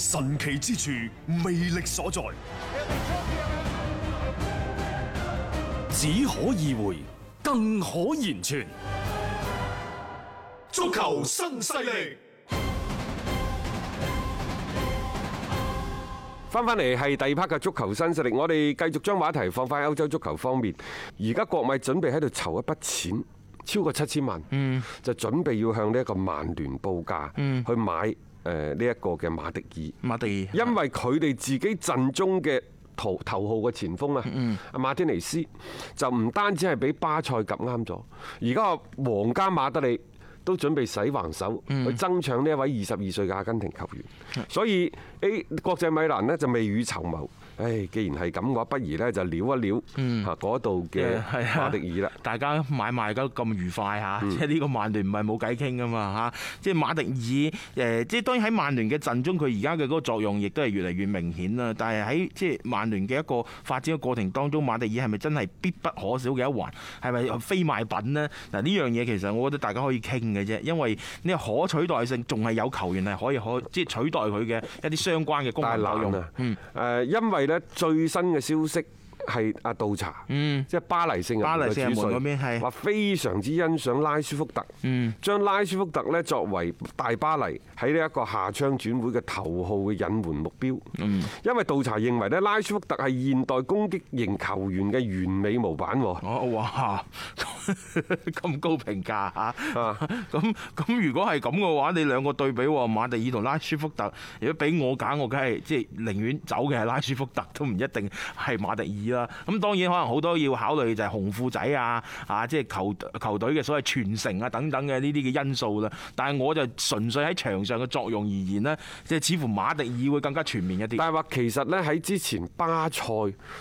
神奇之處，魅力所在，只可意會，更可言傳。足球新勢力，翻翻嚟係第二 part 嘅足球新勢力。我哋繼續將話題放翻喺歐洲足球方面。而家國米準備喺度籌一筆錢，超過七千萬，就準備要向呢一個曼聯報價去買。誒呢一個嘅馬夏爾，馬夏爾，因為佢哋自己陣中嘅頭頭號嘅前鋒啊，阿馬天尼斯就唔單止係俾巴塞睇啱咗，而家皇家馬德里都準備洗橫手去爭搶呢一位二十二歲嘅阿根廷球員，所以 A 國際米蘭呢，就未雨綢繆。既然係咁嘅話，不如咧就撩一撩嗰度嘅馬迪爾啦。大家買賣都咁愉快嚇，即係呢個曼聯唔係冇計傾噶嘛嚇。即係馬迪爾誒，即係當然喺曼聯嘅陣中，佢而家嘅嗰個作用亦都係越嚟越明顯啦。但係喺即係曼聯嘅一個發展嘅過程當中，馬迪爾係咪真係必不可少嘅一環？係咪非賣品呢？嗱呢樣嘢其實我覺，我覺得大家可以傾嘅啫，因為呢個可取代性仲係有球員係可以可即係取代佢嘅一啲相關嘅功能作用是、嗯、因為最新嘅消息係阿道查，即係巴黎聖日門嘅主帥，話非常之欣賞拉舒福特，將、嗯、拉舒福特咧作為大巴黎喺呢一個夏窗轉會嘅頭號嘅引援目標。因為道查認為呢拉舒福特係現代攻擊型球員嘅完美模板。哦哇！咁 高評價嚇，咁咁、啊、 如果係咁嘅話，你兩個對比喎，馬迪爾同拉舒福特，如果俾我揀，我梗係即係寧願走嘅係拉舒福特，都唔一定係馬迪爾啦。咁當然可能好多要考慮就係紅褲仔啊，啊即係球球隊嘅所謂傳承啊等等嘅呢啲嘅因素啦。但係我就純粹喺場上嘅作用而言呢，即係似乎馬迪爾會更加全面一啲。但係話其實呢，喺之前巴塞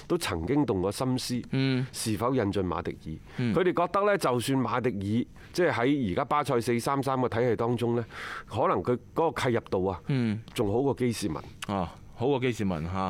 都曾經動過心思，嗯，是否引進馬迪爾，佢哋覺得。就算馬迪爾即係喺而家巴塞四三三嘅體系當中，呢可能佢嗰個契入度啊，嗯，仲好過基士文好過基士文嚇，啊、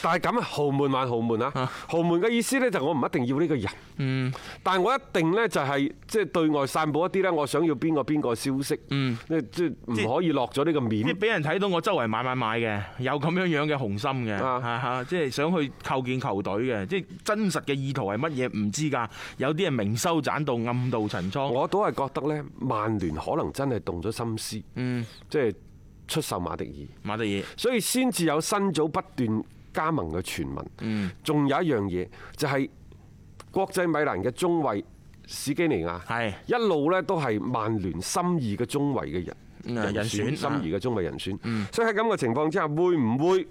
但係咁啊，豪門還豪門啦。啊、豪門嘅意思呢，就我唔一定要呢個人，嗯，但係我一定呢，就係即係對外散佈一啲呢，我想要邊個邊個消息，嗯，即係唔可以落咗呢個面，即係俾人睇到我周圍買買買嘅，有咁樣樣嘅雄心嘅、啊啊，即係想去構建球隊嘅，即係真實嘅意圖係乜嘢唔知㗎，有啲係明修棧道暗渡陳倉。我都係覺得呢，曼聯可能真係動咗心思，嗯，即係。出售馬迪爾，馬迪爾，所以先至有新組不斷加盟嘅傳聞，嗯，仲有一樣嘢就係國際米蘭嘅中衛史基尼亞係是一路咧都係曼聯心意嘅中衛嘅人。人選心儀嘅中衛人選，人選嗯、所以喺咁嘅情況之下，會唔會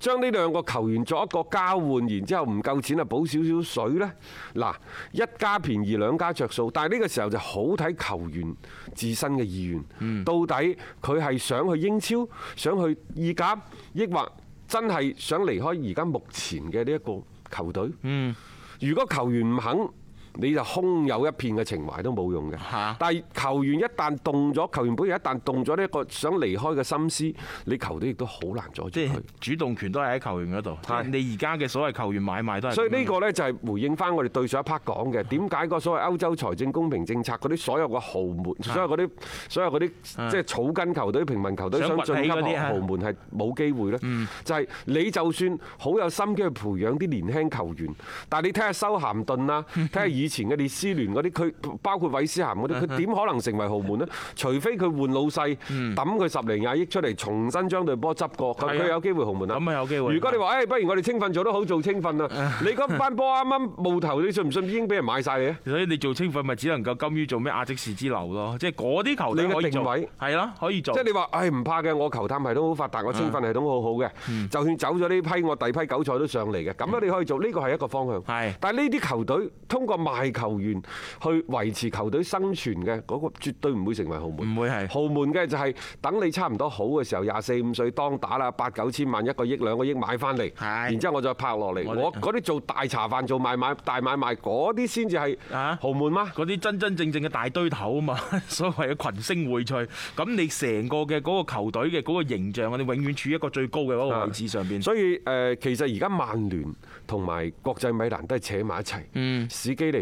將呢兩個球員作一個交換，然之後唔夠錢啊，補少少水呢。嗱，一家便宜兩家着數，但係呢個時候就好睇球員自身嘅意願，嗯、到底佢係想去英超，想去意甲，抑或真係想離開而家目前嘅呢一個球隊？嗯、如果球員唔肯。你就空有一片嘅情懷都冇用嘅。但係球員一旦動咗，球員，本人一旦動咗呢一個想離開嘅心思，你球隊亦都好難阻止佢。即係主動權都係喺球員嗰度。係對 你而家嘅所謂球員買賣都係，所以呢個咧就係回應翻我哋對上一 part 講嘅，點解個所謂歐洲財政公平政策嗰啲所有嘅豪門，所有嗰啲所有嗰啲即係草根球隊平民球隊想晉級豪門係冇機會咧？就係、是、你就算好有心機去培養啲年輕球員，但係你睇下修咸頓啦，睇下以前嘅列斯聯嗰啲，佢包括韋斯咸嗰啲，佢點可能成為豪門呢？除非佢換老細，揼佢十零廿億出嚟，重新將隊波執過，佢有機會豪門啊！咁咪有機會？如果你話，誒，不如我哋青訓做得好，做青訓啦。你嗰班波啱啱冒頭，你信唔信已經俾人買曬嘅？所以你做青訓咪只能夠甘於做咩阿積士之流咯，即係嗰啲球隊定位可以做。係啦，可以做。即係你話，誒，唔怕嘅，我球探系統好發達，我青訓系統好好嘅。就算走咗呢批，我第批韭菜都上嚟嘅。咁樣你可以做，呢個係一個方向。係。但係呢啲球隊通過物大球員去維持球隊生存嘅嗰個，絕對唔會成為豪門，唔會係豪門嘅。就係等你差唔多好嘅時候，廿四五歲當打啦，八九千萬一個億兩個億買翻嚟，然之後我再拍落嚟。我嗰啲做大茶飯做買賣大買賣嗰啲先至係啊，豪門嘛，嗰啲真真正正嘅大堆頭啊嘛，所謂嘅群星薈萃。咁你成個嘅嗰個球隊嘅嗰個形象，我哋永遠處於一個最高嘅嗰個位置上邊。所以誒，其實而家曼聯同埋國際米蘭都係扯埋一齊，史基尼。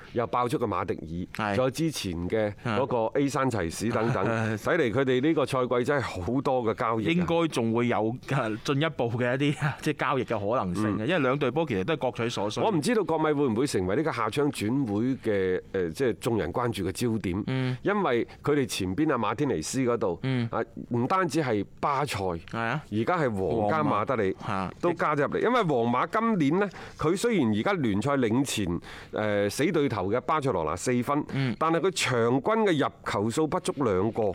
又爆出個馬迪爾，再是的 之前嘅嗰個 A 山齊士等等，睇嚟佢哋呢個賽季真係好多嘅交易。應該仲會有進一步嘅一啲即係交易嘅可能性，嗯、因為兩隊波其實都係各取所需。我唔知道國米會唔會成為呢個下窗轉會嘅誒，即係眾人關注嘅焦點，嗯、因為佢哋前邊阿馬天尼斯嗰度，啊唔單止係巴塞，而家係皇家馬德里都加咗入嚟，因為皇馬今年呢，佢雖然而家聯賽領前誒死對頭。嘅巴塞羅那四分，嗯、但係佢場均嘅入球數不足兩個，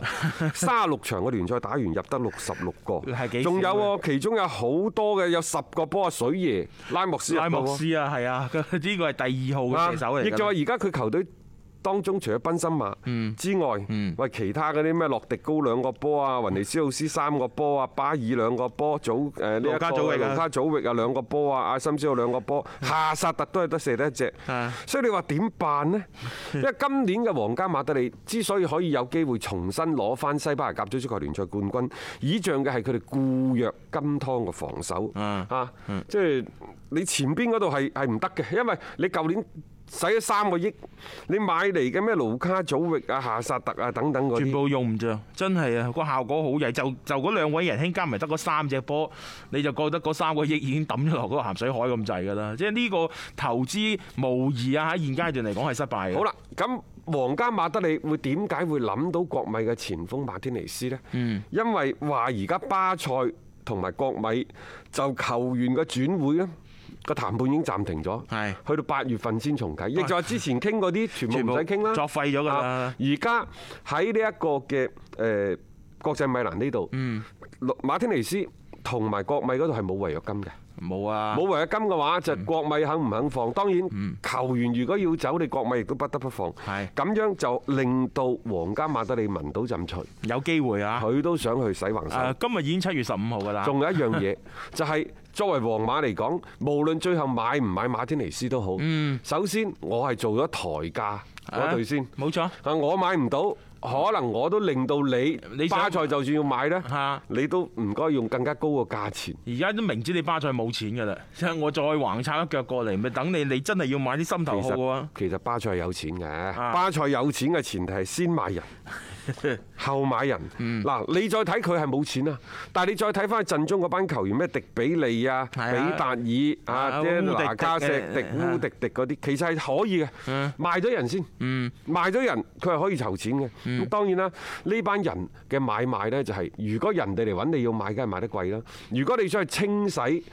三十六場嘅聯賽打完入得六十六個，仲有，其中有好多嘅有十個波阿水爺拉，拉莫斯，拉莫斯啊係啊，呢個係第二號嘅射手嚟，亦就話而家佢球隊。當中除咗賓斯馬之外，喂、嗯嗯、其他嗰啲咩洛迪高兩個波啊，雲尼斯奧斯三個波啊，巴爾兩個波，祖誒呢盧加祖域，啊兩個波啊，阿森斯奧兩個波，夏薩特都係得射得一隻，嗯、所以你話點辦呢？因為今年嘅皇家馬德里之所以可以有機會重新攞翻西班牙甲組足球聯賽冠軍，倚仗嘅係佢哋固若金湯嘅防守啊，嗯嗯嗯、即係你前邊嗰度係係唔得嘅，因為你舊年。使咗三個億，你買嚟嘅咩盧卡祖域啊、夏薩特啊等等嗰啲，全部用唔著，真係啊個效果好曳，就就嗰兩位仁兄加埋得嗰三隻波，你就覺得嗰三個億已經抌咗落嗰個鹹水海咁滯㗎啦。即係呢個投資無疑啊喺現階段嚟講係失敗嘅。好啦，咁皇家馬德里會點解會諗到國米嘅前鋒馬天尼斯呢？嗯，因為話而家巴塞同埋國米就球員嘅轉會呢。個談判已經暫停咗，係去到八月份先重啟。亦就係之前傾嗰啲全部唔使傾啦，作廢咗㗎啦。而家喺呢一個嘅誒國際米蘭呢度，馬天尼斯同埋國米嗰度係冇違約金嘅。冇啊！冇違約金嘅話，就國米肯唔肯放？當然球員如果要走，你國米亦都不得不放。係咁樣就令到皇家馬德里聞到陣財。有機會啊！佢都想去洗橫掃。今日已經七月十五號㗎喇。仲有一樣嘢就係作為皇馬嚟講，無論最後買唔買馬天尼斯都好。嗯，首先我係做咗抬價，講對先。冇錯。啊，我買唔到。可能我都令到你，你想巴塞就算要買呢，的你都唔該用更加高嘅價錢。而家都明知你巴塞冇錢噶啦，我再橫插一腳過嚟，咪等你你真係要買啲心頭好喎。其實巴塞有錢嘅，巴塞有錢嘅前提係先買人。 後買人，嗱、嗯、你再睇佢係冇錢啊！但係你再睇翻陣中嗰班球員咩迪比利啊、比達爾啊、即係嗱加石迪烏迪迪嗰啲，其實係可以嘅。的賣咗人先，賣咗人，佢係、嗯、可以籌錢嘅。咁、嗯、當然啦，呢班人嘅買賣呢，就係、是，如果人哋嚟揾你要買，梗係賣得貴啦。如果你想去清洗。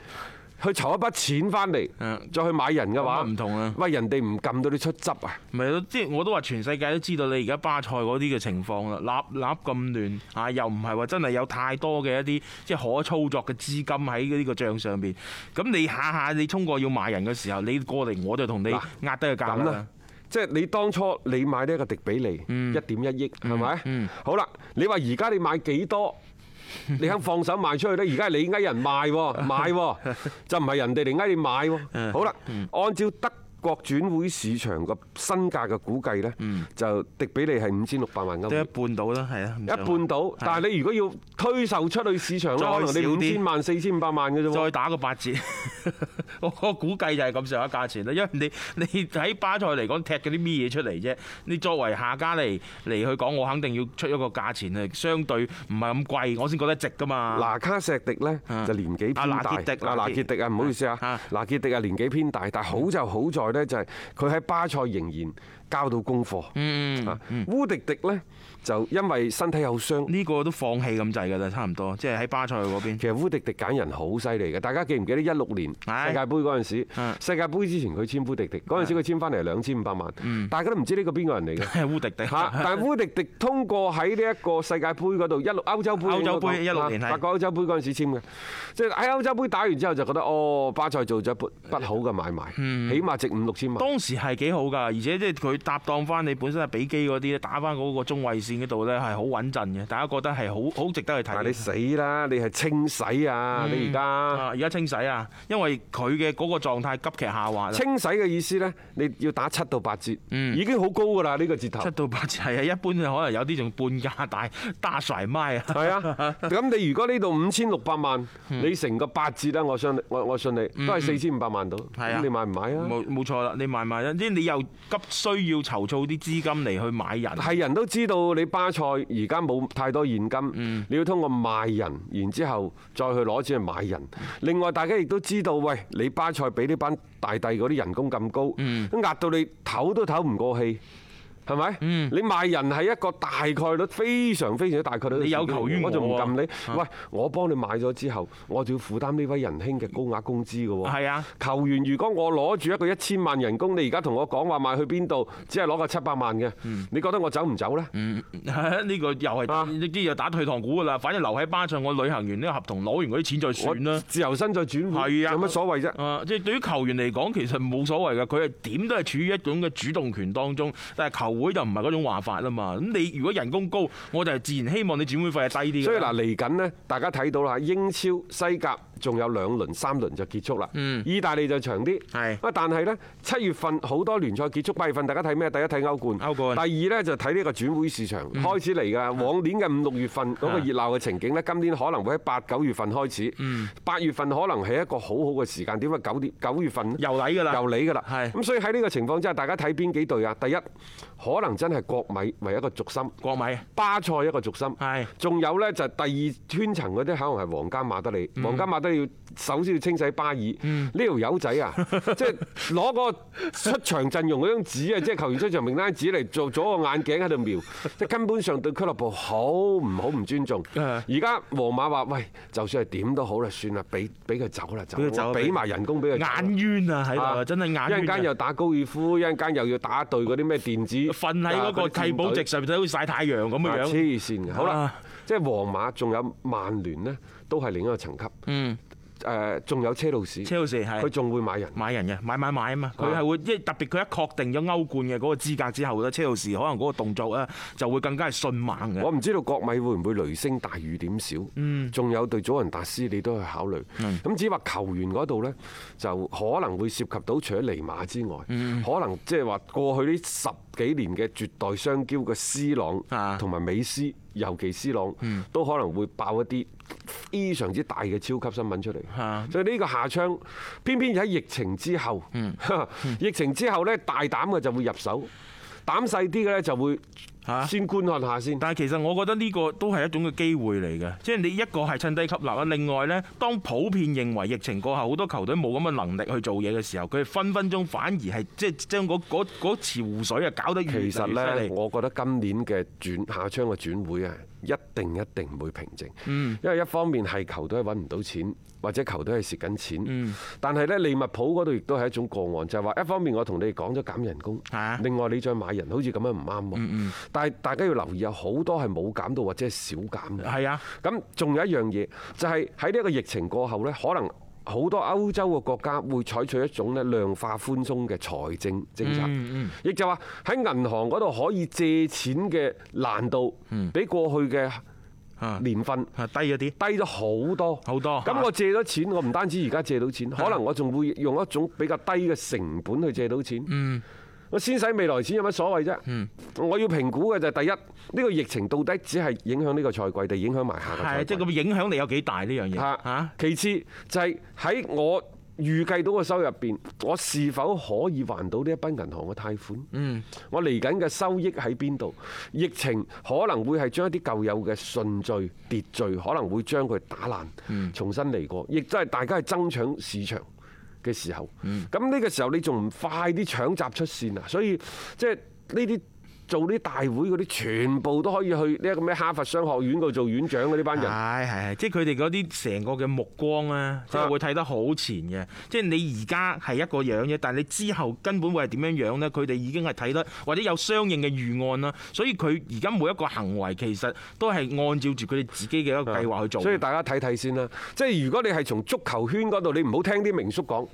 去籌一筆錢翻嚟，再去買人嘅話，唔同啊。喂，人哋唔撳到你出汁啊！咪咯，即係我都話全世界都知道你而家巴塞嗰啲嘅情況啦，立立咁亂嚇，又唔係話真係有太多嘅一啲即係可操作嘅資金喺呢個帳上邊。咁你下下你通過要買人嘅時候，你過嚟我就同你壓低個價啦。即係你當初你買呢一個迪比尼，一點一億，係咪？好啦，你話而家你買幾多？你肯放手賣出去咧？而家你嗌人賣，買就唔係人哋嚟嗌你買。好啦，按照德國轉會市場個身價嘅估計咧，就迪比利係五千六百萬歐，即一半到啦，係啦，一半到。但係你如果要推售出去市場，可能你五千萬、四千五百萬嘅啫，再打個八折，我估計就係咁上下價錢啦。因為你你喺巴塞嚟講踢嗰啲咩嘢出嚟啫？你作為下家嚟嚟去講，我肯定要出一個價錢係相對唔係咁貴，我先覺得值㗎嘛。嗱，卡石迪咧就年紀偏大，阿納傑迪啊，唔好意思啊，納傑迪啊年紀偏大，但係好就好在。呢就係佢喺巴塞仍然交到功課。嗯，嗯烏迪迪呢，就因為身體有傷，呢個都放棄咁滯㗎啦，差唔多。即係喺巴塞嗰邊。其實烏迪迪揀人好犀利嘅，大家記唔記得一六年是世界盃嗰陣時？是世界盃之前佢簽烏迪迪，嗰陣是時佢簽翻嚟兩千五百萬。嗯、大家都唔知呢個邊個人嚟嘅。係 烏迪迪。但係烏迪迪通過喺呢一個世界盃嗰度一歐洲盃。歐洲盃一六年係、嗯。八個歐洲盃嗰陣時簽嘅，即係喺歐洲盃打完之後就覺得哦，巴塞做咗一樖不好嘅買賣，嗯、起碼值五。六千萬？當時係幾好㗎，而且即係佢搭檔翻你本身係比基嗰啲咧，打翻嗰個中位線嗰度咧係好穩陣嘅，大家覺得係好好值得去睇。但你死啦！你係清洗啊！你而家而家清洗啊！因為佢嘅嗰個狀態急劇下滑。清洗嘅意思咧，你要打七到八折，已經好高㗎啦！呢個折頭。七到八折係啊，一般可能有啲仲半價大，大打甩賣啊。係啊，咁你如果呢度五千六百萬，你成個八折咧，我信我我信你都係四千五百萬到。係啊。咁你買唔買啊？冇冇錯。你賣賣，總之你又急需要籌措啲資金嚟去買人。係人都知道你巴塞而家冇太多現金，你要通過賣人，然之後再去攞錢去買人。另外，大家亦都知道，喂，你巴塞俾呢班大帝嗰啲人工咁高，都壓到你唞都唞唔過氣。係咪？你賣人係一個大概率，非常非常大概率你有球員。我就唔撳你。喂，我幫你買咗之後，我就要負擔呢位仁兄嘅高額工資㗎喎。係啊，球員如果我攞住一個一千萬人工，你而家同我講話賣去邊度，只係攞個七百萬嘅，你覺得我走唔走呢？呢個又係啲又打退堂鼓㗎啦。反正留喺巴塞，我履行完呢個合同，攞完嗰啲錢再算啦。自由身再轉換，係啊，有乜所謂啫？即係對於球員嚟講，其實冇所謂㗎。佢係點都係處於一種嘅主動權當中，但係球。會就唔係嗰種話法啦嘛，咁你如果人工高，我就自然希望你轉會費係低啲。所以嗱，嚟緊咧，大家睇到啦，英超西甲仲有兩輪三輪就結束啦。意大利就長啲。係。乜但係咧，七月份好多聯賽結束，八月份大家睇咩？第一睇歐冠。歐冠。第二咧就睇呢個轉會市場開始嚟㗎。往年嘅五六月份嗰個熱鬧嘅情景咧，今年可能會喺八九月份開始。嗯。八月份可能係一個好好嘅時間點。乜九點九月份咧？又嚟㗎啦！又嚟㗎啦！係。咁所以喺呢個情況之下，大家睇邊幾隊啊？第一可能真係國米為一個軸心。國米。巴塞一個軸心。係。仲有咧就第二圈層嗰啲，可能係皇家馬德里。皇家馬德里。要首先要清洗巴爾呢條友仔啊！即係攞個出場陣容嗰張紙啊，即係球員出場名單紙嚟做咗個眼鏡喺度瞄，即係根本上對俱樂部好唔好唔尊重。而家皇馬話：喂，就算係點都好啦，算啦，俾俾佢走啦，走。俾埋走人工俾佢。眼冤啊！係啊，真係眼冤。一陣間又打高爾夫，一陣間又要打對嗰啲咩電子。瞓喺嗰個替補席上邊度曬太陽咁樣。黐線嘅。好啦，啊、即係皇馬仲有曼聯呢。都係另一個層級。嗯，誒，仲有車路士，車路士係，佢仲會買人，買人，買人嘅，買買買啊嘛。佢係會即係是的 特別，佢一確定咗歐冠嘅嗰個資格之後咧，車路士可能嗰個動作咧就會更加係迅猛嘅。我唔知道國米會唔會雷聲大雨點小，仲、嗯、有對祖雲達斯，你都去考慮。咁、嗯、只係話球員嗰度呢，就可能會涉及到除咗尼馬之外，可能即係話過去呢十幾年嘅絕代雙驕嘅 C 朗同埋美斯。尤其斯朗都可能會爆一啲非常之大嘅超級新聞出嚟，所以呢個夏窗偏偏喺疫情之後， 疫情之後呢，大膽嘅就會入手。膽細啲嘅咧就會嚇先觀看下先，但係其實我覺得呢個都係一種嘅機會嚟嘅，即係你一個係趁低吸納啊，另外呢，當普遍認為疫情過後好多球隊冇咁嘅能力去做嘢嘅時候，佢分分鐘反而係即係將嗰嗰嗰潮水啊搞得越嚟越犀利。其實呢，我覺得今年嘅轉夏窗嘅轉會啊，一定一定唔會平靜，因為一方面係球隊揾唔到錢，或者球隊係蝕緊錢。嗯、但係咧，利物浦嗰度亦都係一種個案，就係話一方面我同你哋講咗減人工，麼另外你再買人好似咁樣唔啱。嗯，嗯。但係大家要留意有好多係冇減到或者係少減嘅。係啊。咁仲有一樣嘢，就係喺呢一個疫情過後呢，可能。好多歐洲嘅國家會採取一種咧量化寬鬆嘅財政政策，亦就話喺銀行嗰度可以借錢嘅難度，比過去嘅年份低咗啲，低咗好多好多。咁我借咗錢，我唔單止而家借到錢，可能我仲會用一種比較低嘅成本去借到錢。我先使未來錢有乜所謂啫？嗯，我要評估嘅就係第一，呢個疫情到底只係影響呢個賽季，定，影響埋下個賽季？即係咁影響力有幾大呢樣嘢？嚇，其次就係喺我預計到嘅收入邊，我是否可以還到呢一筆銀行嘅貸款？嗯，我嚟緊嘅收益喺邊度？疫情可能會係將一啲舊有嘅順序、秩序，可能會將佢打爛，重新嚟過，亦都係大家係爭搶市場。嘅時候，咁呢、嗯、個時候你仲唔快啲搶閘出線啊？所以即係呢啲。做啲大會嗰啲，全部都可以去呢一個咩哈佛商學院度做院長嘅呢班人。係，係，係，即係佢哋嗰啲成個嘅目光啊，是的 即係會睇得好前嘅。即係你而家係一個樣啫，但係你之後根本會係點樣樣咧？佢哋已經係睇得，或者有相應嘅預案啦。所以佢而家每一個行為其實都係按照住佢哋自己嘅一個計劃去做。所以大家睇睇先啦。即係如果你係從足球圈嗰度，你唔好聽啲明叔講，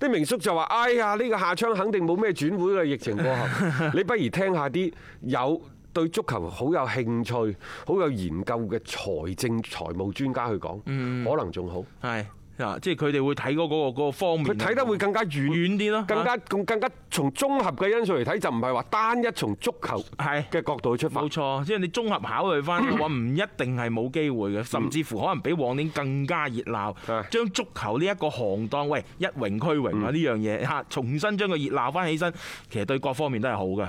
啲明叔就話哎呀，呢、這個夏窗肯定冇咩轉會嘅。疫情過後，你不如聽一下啲。有對足球好有興趣、好有研究嘅財政、財務專家去講，可能仲好。係啊，即係佢哋會睇嗰個嗰個嗰個方面。佢睇得會更加遠遠啲咯，更加更更加從綜合嘅因素嚟睇，就唔係話單一從足球嘅角度出發。冇錯，即係你綜合考慮翻，話唔一定係冇機會嘅，甚至乎可能比往年更加熱鬧。將足球呢一個行當，喂，一榮俱榮啊，呢樣嘢嚇重新將佢熱鬧翻起身，其實對各方面都係好嘅。